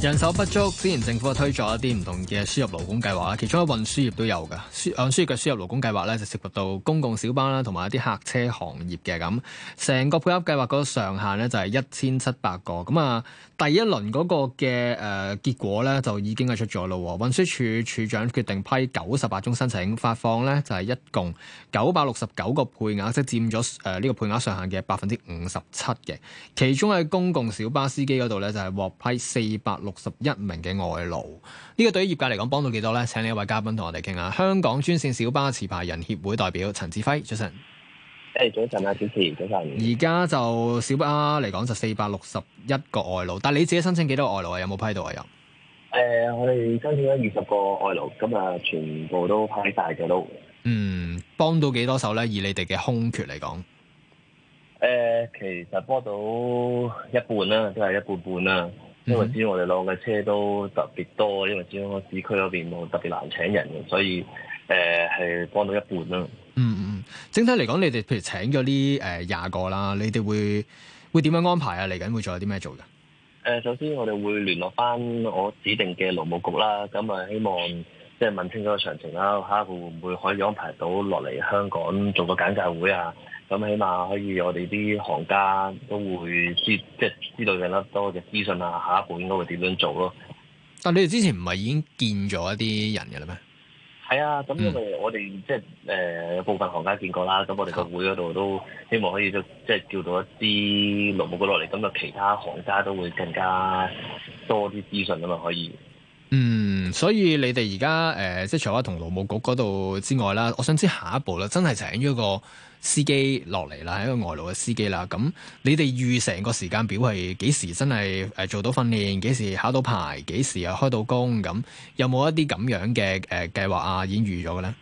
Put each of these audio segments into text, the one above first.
人手不足，之前政府啊推咗一啲唔同嘅輸入勞工計劃，啦，其中喺運輸業都有噶。輸、運輸業嘅輸入勞工計劃咧，就涉及到公共小巴啦，同埋一啲客車行業嘅咁。成個配額計劃個上限咧就係一千七百個。咁啊，第一輪嗰個嘅誒、呃、結果咧就已經係出咗咯，運輸署署長決定批九十八宗申請，發放咧就係、是、一共九百六十九個配額，即係佔咗誒呢個配額上限嘅百分之五十七嘅。其中喺公共小巴司機嗰度咧就係獲批四百六十一名嘅外勞，呢個對於業界嚟講幫到幾多呢？請另一位嘉賓同我哋傾下。香港專綫小巴持牌人協會代表陳志輝，早晨。誒、hey，早晨啊，主持，早晨。而家就小巴嚟講就四百六十一個外勞，但係你自己申請幾多個外勞啊？有冇批到啊？有。誒，我哋申請咗二十個外勞，咁啊，全部都批晒嘅都。嗯，幫到幾多手呢？以你哋嘅空缺嚟講。誒、呃，其實幫到一半啦，即係一半半啦。因為知我哋攞嘅車都特別多，因為知於我市區嗰邊冇特別難請人，所以誒係、呃、幫到一半啦。嗯嗯，整體嚟講，你哋譬如請咗啲誒廿個啦，你哋會會點樣安排啊？嚟緊會有做有啲咩做嘅？誒、呃，首先我哋會聯絡返我指定嘅勞務局啦，咁啊希望即係問清楚個詳情啦，下一步會唔會可以安排到落嚟香港做個簡介會啊？咁起碼可以，我哋啲行家都會知，即係知道更加多嘅資訊啊，下一步應該會點樣做咯？但你哋之前唔係已經見咗一啲人嘅喇咩？係啊，咁誒，我哋即係誒有部分行家見過啦，咁我哋個會嗰度都希望可以即係叫到一啲勞務過落嚟，咁就其他行家都會更加多啲資訊咁嘛，可以。所以你哋而家誒，即係除咗同勞務局嗰度之外啦，我想知下一步啦，真係請咗個司機落嚟啦，係一個外勞嘅司機啦。咁你哋預成個時間表係幾時真係誒做到訓練，幾時考到牌，幾時又開到工，咁有冇一啲咁樣嘅誒、呃、計劃啊？已經預咗嘅咧？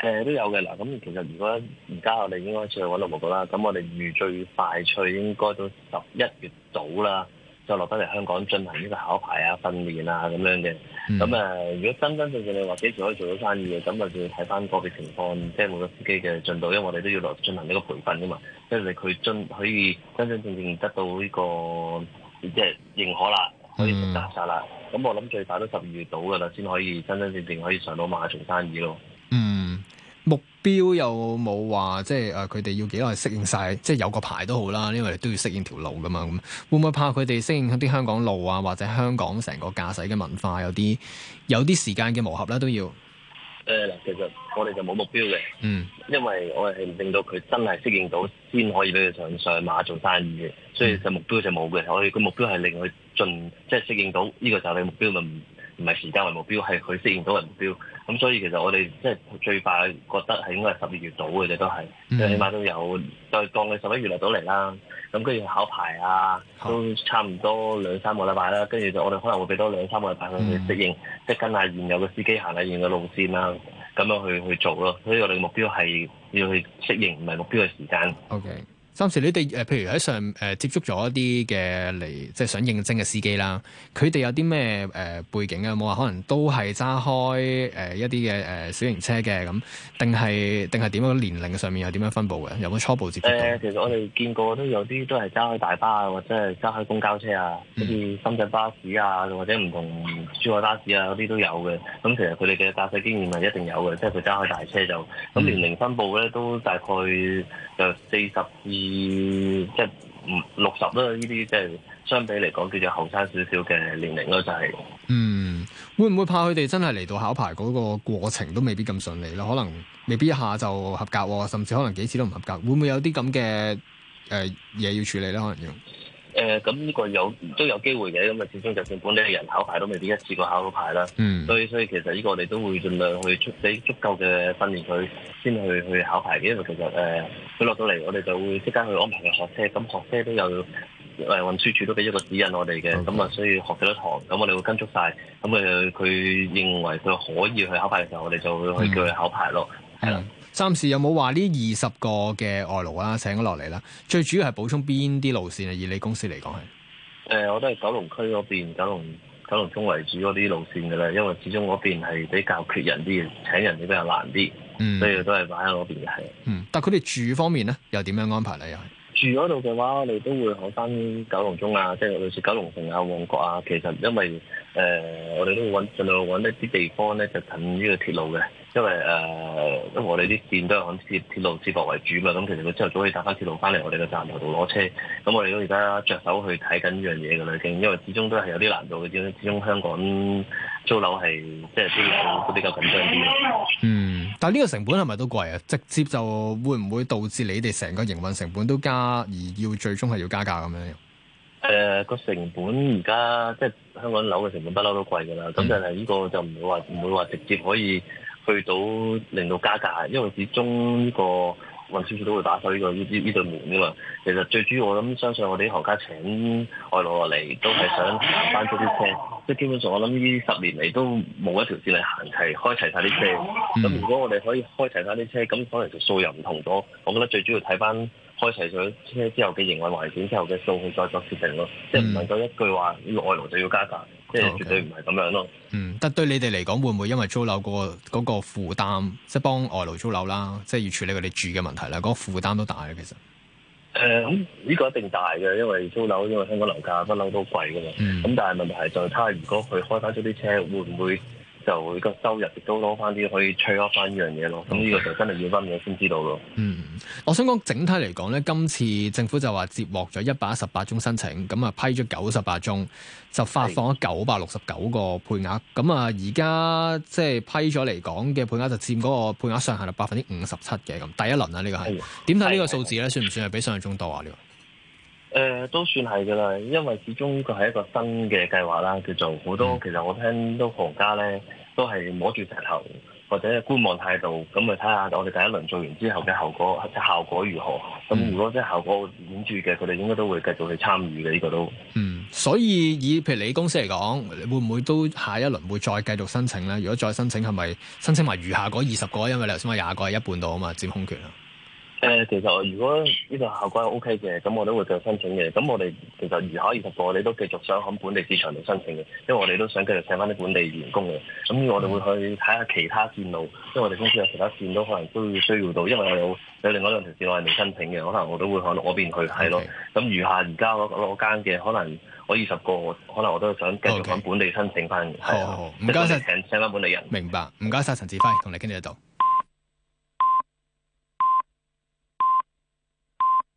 誒、呃、都有嘅啦。咁其實如果而家我哋應該再去揾勞務局啦。咁我哋預最快脆應該都十一月度啦。就落翻嚟香港進行呢個考牌啊、訓練啊咁樣嘅。咁誒，如果真真正正你或者仲可以做到生意嘅，咁就要睇翻個別情況，即係每個司機嘅進度，因為我哋都要落進行呢個培訓㗎嘛，即係佢進可以真真正正得到呢個即係認可啦，可以做揸車啦。咁我諗最快都十二月到㗎啦，先可以真真正正可以上到馬做生意咯。嗯。 嗯 標又冇話，即係誒，佢哋要幾耐適應晒，即係、呃、有個牌都好啦，因為都要適應條路噶嘛。咁會唔會怕佢哋適應啲香港路啊，或者香港成個駕駛嘅文化有啲有啲時間嘅磨合啦，都要？誒嗱、呃，其實我哋就冇目標嘅，嗯，因為我哋係令到佢真係適應到先可以俾佢上上馬做生意嘅，所以就目標就冇嘅。嗯、我哋個目標係令佢盡即係適應到呢個就係目標啦。唔係時間為目標，係佢適應到嘅目標。咁所以其實我哋即係最快覺得係應該係十二月到嘅啫，都係，最、mm hmm. 起碼都有再當佢十一月嚟到嚟啦。咁跟住考牌啊，Okay. 都差唔多兩三個禮拜啦。跟住就我哋可能會俾多兩三個禮拜去適應，mm hmm. 即係跟下現有嘅司機，行下現有嘅路線啦。咁樣去去做咯。所以我哋目標係要去適應，唔係目標嘅時間。OK。暫時你哋誒，譬如喺上誒、呃、接觸咗一啲嘅嚟，即係想應徵嘅司機啦，佢哋有啲咩誒背景啊？冇話可能都係揸開誒、呃、一啲嘅誒小型車嘅，咁定係定係點樣？年齡上面有點樣分佈嘅？有冇初步接觸、呃？其實我哋見過都有啲都係揸開大巴或者係揸開公交車啊，好似、嗯、深圳巴士啊或者唔同珠海巴士啊嗰啲都有嘅。咁其實佢哋嘅駕駛經驗係一定有嘅，即係佢揸開大車就咁，年齡分佈咧都大概就四十二。以即六十啦，呢啲即係相比嚟講叫做後生少少嘅年齡咯，就係嗯，會唔會怕佢哋真係嚟到考牌嗰個過程都未必咁順利咯？可能未必一下就合格，甚至可能幾次都唔合格，會唔會有啲咁嘅誒嘢要處理呢？可能要。誒咁呢個有都有機會嘅，咁、嗯、啊，始終就算本地人考牌都未必一次過考到牌啦。嗯。所以所以其實呢個我哋都會盡量去足俾足夠嘅訓練佢，先去去考牌嘅。因為其實誒佢落到嚟，呃、我哋就會即刻去安排佢學車。咁學車、呃、都有誒運輸署都俾一個指引我哋嘅，咁啊、嗯嗯嗯，所以學幾多堂，咁我哋會跟足晒。咁誒佢認為佢可以去考牌嘅時候，我哋就會去叫佢考牌咯。係啦，暫時、嗯、有冇話呢二十個嘅外勞啦，請咗落嚟啦，最主要係補充邊啲路線啊？以你公司嚟講係？誒、呃，我都係九龍區嗰邊，九龍九龍中為主嗰啲路線噶啦，因為始終嗰邊係比較缺人啲，請人啲比較難啲，嗯、所以都係擺喺嗰邊嘅。嗯，但係佢哋住方面咧，又點樣安排咧？又係住嗰度嘅話，我哋都會好翻九龍中啊，即係類似九龍城啊、旺角啊其實，因為誒、呃，我哋都會揾盡量揾一啲地方咧，就近呢個鐵路嘅。因為誒、呃，因為我哋啲線都係揾鐵鐵路接駁為主嘛，咁其實佢朝頭早可以搭翻鐵路翻嚟我哋嘅站頭度攞車。咁我哋都而家着手去睇緊呢樣嘢嘅啦，因為始終都係有啲難度嘅。始終香港租樓係即係都比較緊張啲。嗯，但係呢個成本係咪都貴啊？直接就會唔會導致你哋成個營運成本都加而要最終係要加價咁樣？誒、呃，個成本而家即係香港樓嘅成本不嬲都貴㗎啦。咁、嗯、就係呢個就唔會話唔會話直接可以。去到令到加價，因為始終呢個運輸署都會打開呢個呢啲呢對門噶嘛。其實最主要我諗相信我哋啲行家請外勞落嚟都係想行翻多啲車，即係基本上我諗呢十年嚟都冇一條線嚟行齊開齊晒啲車。咁如果我哋可以開齊晒啲車，咁可能條數又唔同咗。我覺得最主要睇翻。 開齊咗車之後嘅營運環境之後嘅數據再作決定咯，即係唔能夠一句話、這個、外勞就要加價，即係絕對唔係咁樣咯。Okay. 嗯，但對你哋嚟講，會唔會因為租樓嗰、那個嗰、那個負擔，即係幫外勞租樓啦，即係要處理佢哋住嘅問題啦，嗰、那個負擔都大嘅其實。誒、呃，呢、這個一定大嘅，因為租樓，因為香港樓價不嬲都貴噶嘛。咁、嗯、但係問題就係，睇下如果佢開翻咗啲車，會唔會？就會個收入亦都攞翻啲可以催厄翻呢樣嘢咯，咁呢個就真係要翻嘢先知道咯。嗯，我想講整體嚟講呢，今次政府就話接獲咗一百一十八宗申請，咁啊批咗九十八宗，就發放咗九百六十九個配額。咁啊而家即係批咗嚟講嘅配額就佔嗰個配額上限係百分之五十七嘅，咁，第一輪啊，呢個係點睇呢個數字呢，的算唔算係比想像中多啊？呢誒、呃，都算係噶啦，因為始終佢係一個新嘅計劃啦，叫做好多。嗯、其實我聽到行家咧，都係摸住石頭或者觀望態度，咁咪睇下我哋第一輪做完之後嘅效果，即係效果如何。咁、嗯、如果即係效果顯著嘅，佢哋應該都會繼續去參與嘅呢、這個都。嗯，所以以譬如你公司嚟講，會唔會都下一輪會再繼續申請咧？如果再申請，係咪申請埋餘下嗰二十個？因為你頭先話廿個係一半到啊嘛，佔空權啊。誒、呃，其實如果呢個效果係 OK 嘅，咁我都會再申請嘅。咁我哋其實餘下二十個，我哋都繼續想喺本地市場度申請嘅，因為我哋都想繼續請翻啲本地員工嘅。咁我哋會去睇下其他線路，因為我哋公司有其他線都可能都要需要到，因為我有有另外兩條線我係未申請嘅，可能我都會向嗰邊去係咯。咁餘 Okay. 下而家嗰嗰間嘅，可能我二十個可能我都想繼續喺本地申請翻嘅。好唔該晒，請請翻本地人。明白，唔該晒陳志輝同你傾偈喺度。